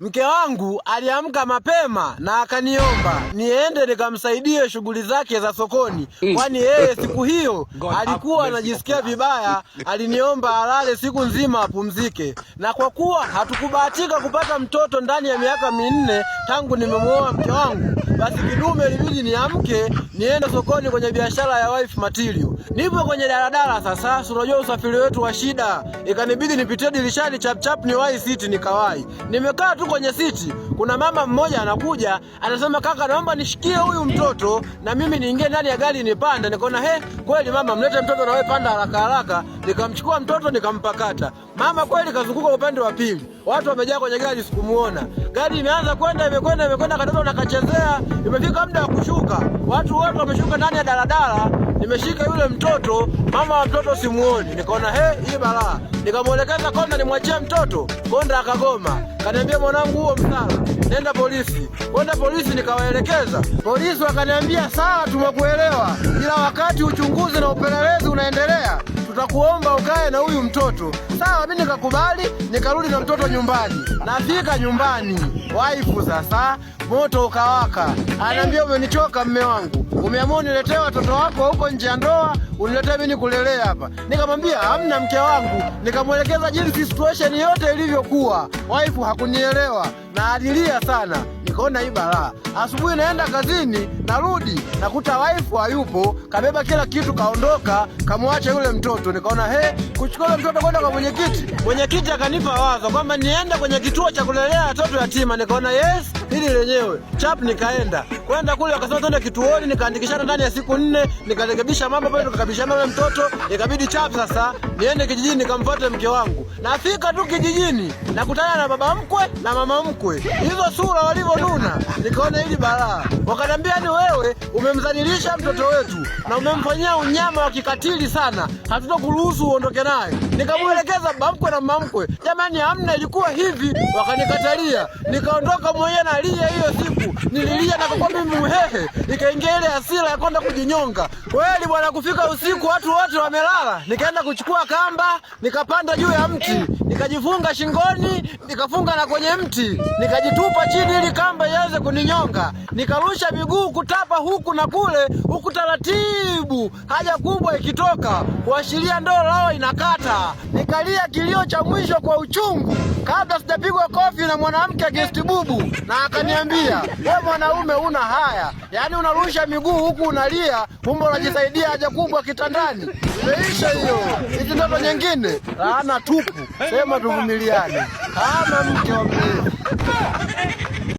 Mke wangu aliamka mapema na akaniomba niende nikamsaidie shughuli zake za sokoni, mm. kwani yeye siku hiyo alikuwa anajisikia vibaya. Aliniomba alale siku nzima apumzike, na kwa kuwa hatukubahatika kupata mtoto ndani ya miaka minne tangu nimemwoa mke wangu, basi kidume ilibidi niamke niende sokoni kwenye biashara ya wife material. Nipo kwenye daladala sasa, surojo usafiri wetu wa shida, ikanibidi nipitie dirishani chapchap wai siti, nikawai nimekaa tu kwenye siti, kuna mama mmoja anakuja anasema, kaka, naomba nishikie huyu mtoto na mimi niingie ndani ya gari nipande. Nikaona he, kweli mama, mlete mtoto na wewe panda haraka haraka. Nikamchukua mtoto nikampakata. Mama kweli kazunguka upande wa pili, watu wamejaa kwenye gari, sikumuona gari imeanza kwenda, imekwenda, imekwenda, katoto nakachezea, imefika muda wa kushuka, watu wote wameshuka ndani ya daladala. Nimeshika yule mtoto, mama wa mtoto simuoni, nikaona he, hii balaa. Nikamwelekeza konda nimwachie mtoto, konda akagoma, kaniambia mwanangu, huo msala, nenda polisi. Kwenda polisi, nikawaelekeza polisi, wakaniambia sawa, tumekuelewa, ila wakati uchunguzi na upelelezi unaendelea tutakuomba ukae na huyu mtoto sawa. Mimi nikakubali, nikarudi na mtoto nyumbani. Nafika nyumbani, waifu sasa, moto ukawaka, anaambia umenichoka mme wangu, umeamua uniletee watoto wako huko nje ya ndoa, uniletee mimi kulelea hapa. Nikamwambia hamna, mke wangu. Nikamwelekeza jinsi situation yote ilivyokuwa. Waifu hakunielewa na alilia sana nikaona hii balaa. Asubuhi naenda kazini, narudi nakuta waifu hayupo, kabeba kila kitu kaondoka, kamwacha yule mtoto. Nikaona he, kuchukua yule mtoto kwenda kwa mwenyekiti. Mwenyekiti akanipa wazo kwamba niende kwenye kituo cha kulelea watoto yatima. Nikaona yes, hili lenyewe chap, nikaenda kwenda kule, wakasema twende kituoni, nikaandikishana ndani ya siku nne, nikarekebisha mambo pale, tukakabishana na mtoto, ikabidi chap sasa niende kijijini nikamfuate mke wangu. Nafika tu kijijini nakutana na baba mkwe na mama mkwe, hizo sura walivyonuna, nikaona hili balaa. Wakaniambia ni yaani wewe umemdhalilisha mtoto wetu na umemfanyia unyama wa kikatili sana, hatutokuruhusu uondoke naye. Nikamwelekeza baba mkwe na mama mkwe, jamani, hamna, ilikuwa hivi. Wakanikatalia, nikaondoka mwenyewe, nalia hiyo siku, nililia na kukwambia mimi muhehe, nikaingia ile hasira ya kwenda kujinyonga kweli bwana. Kufika usiku watu wote wamelala, nikaenda kuchukua kamba, nikapanda juu ya mti, nikajifunga shingoni, nikafunga na kwenye mti, nikajitupa chini ili kamba iweze kuninyonga. Nikarusha miguu kutapa huku na kule, huku taratibu, haja kubwa ikitoka kuashiria ndoo lao inakata. Nikalia kilio cha mwisho kwa uchungu kabla sijapigwa kofi na mwanamke gesti bubu, na akaniambia we mwanaume una haya, yaani unarusha miguu huku unalia, kumbe unajisaidia haja kubwa kitandani. Meisha hiyo, hizi ndoto nyingine laana tupu. Sema tuvumiliane, kama mke wa mlevi.